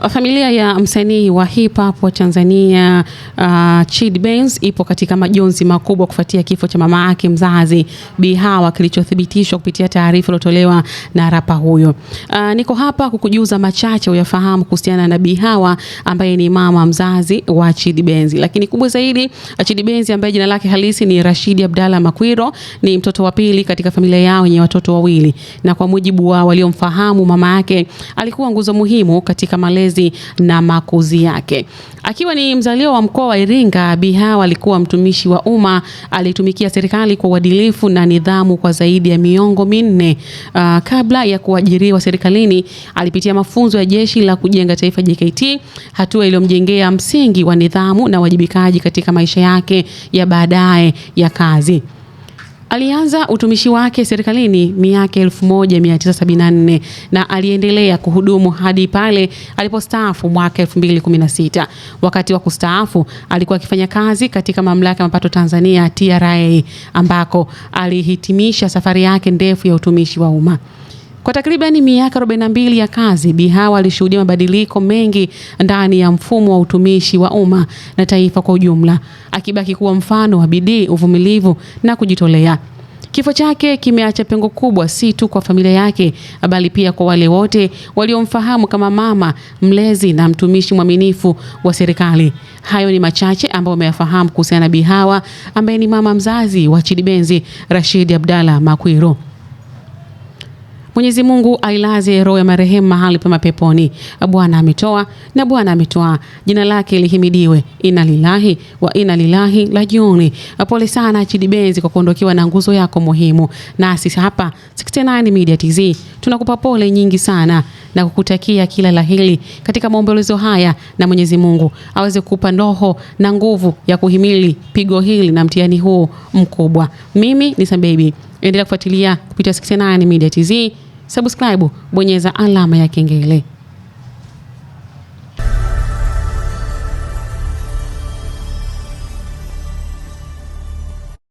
Uh, familia ya msanii wa hip hop wa Tanzania uh, Chid Benz ipo katika majonzi makubwa kufuatia kifo cha mama yake mzazi Bi Hawa kilichothibitishwa kupitia taarifa iliyotolewa na rapa huyo. Uh, niko hapa kukujuza machache uyafahamu kuhusiana na Bi Hawa ambaye ni mama mzazi wa Chid Benz. Lakini kubwa zaidi, uh, Chid Benz ambaye jina lake halisi ni Rashidi Abdalla Makwiro ni mtoto wa pili katika familia yao yenye watoto wawili, na kwa mujibu wa waliomfahamu mama yake alikuwa nguzo muhimu katika malezi malezi na makuzi yake. Akiwa ni mzaliwa wa mkoa wa Iringa, Bi Hawa alikuwa mtumishi wa umma, alitumikia serikali kwa uadilifu na nidhamu kwa zaidi ya miongo minne. Uh, kabla ya kuajiriwa serikalini alipitia mafunzo ya Jeshi la Kujenga Taifa JKT, hatua iliyomjengea msingi wa nidhamu na uwajibikaji katika maisha yake ya baadaye ya kazi. Alianza utumishi wake serikalini miaka 1974 na aliendelea kuhudumu hadi pale alipostaafu mwaka 2016. Wakati wa kustaafu alikuwa akifanya kazi katika Mamlaka ya Mapato Tanzania TRA ambako alihitimisha safari yake ndefu ya utumishi wa umma. Kwa takribani miaka 42 ya kazi, Bi Hawa alishuhudia mabadiliko mengi ndani ya mfumo wa utumishi wa umma na taifa kwa ujumla, akibaki kuwa mfano wa bidii, uvumilivu na kujitolea. Kifo chake kimeacha pengo kubwa si tu kwa familia yake bali pia kwa wale wote waliomfahamu kama mama, mlezi na mtumishi mwaminifu wa serikali. Hayo ni machache ambayo ameyafahamu kuhusiana na Bi Hawa ambaye ni mama mzazi wa Chidi Benzi Rashid Abdalla Makwiro. Mwenyezi Mungu ailaze roho ya marehemu mahali pema peponi. Bwana ametoa na Bwana ametoa, jina lake lihimidiwe. Inna lillahi wa inna ilaihi rajiun. Pole sana Chidi Benzi kwa kuondokiwa na nguzo yako muhimu, nasi hapa 69 Media TZ tunakupa pole nyingi sana na kukutakia kila laheri katika maombolezo haya, na Mwenyezi Mungu aweze kukupa roho na nguvu ya kuhimili pigo hili na mtihani huu mkubwa. Mimi ni Sambaby, endelea kufuatilia kupitia 69 Media TZ subscribe, bonyeza alama ya kengele.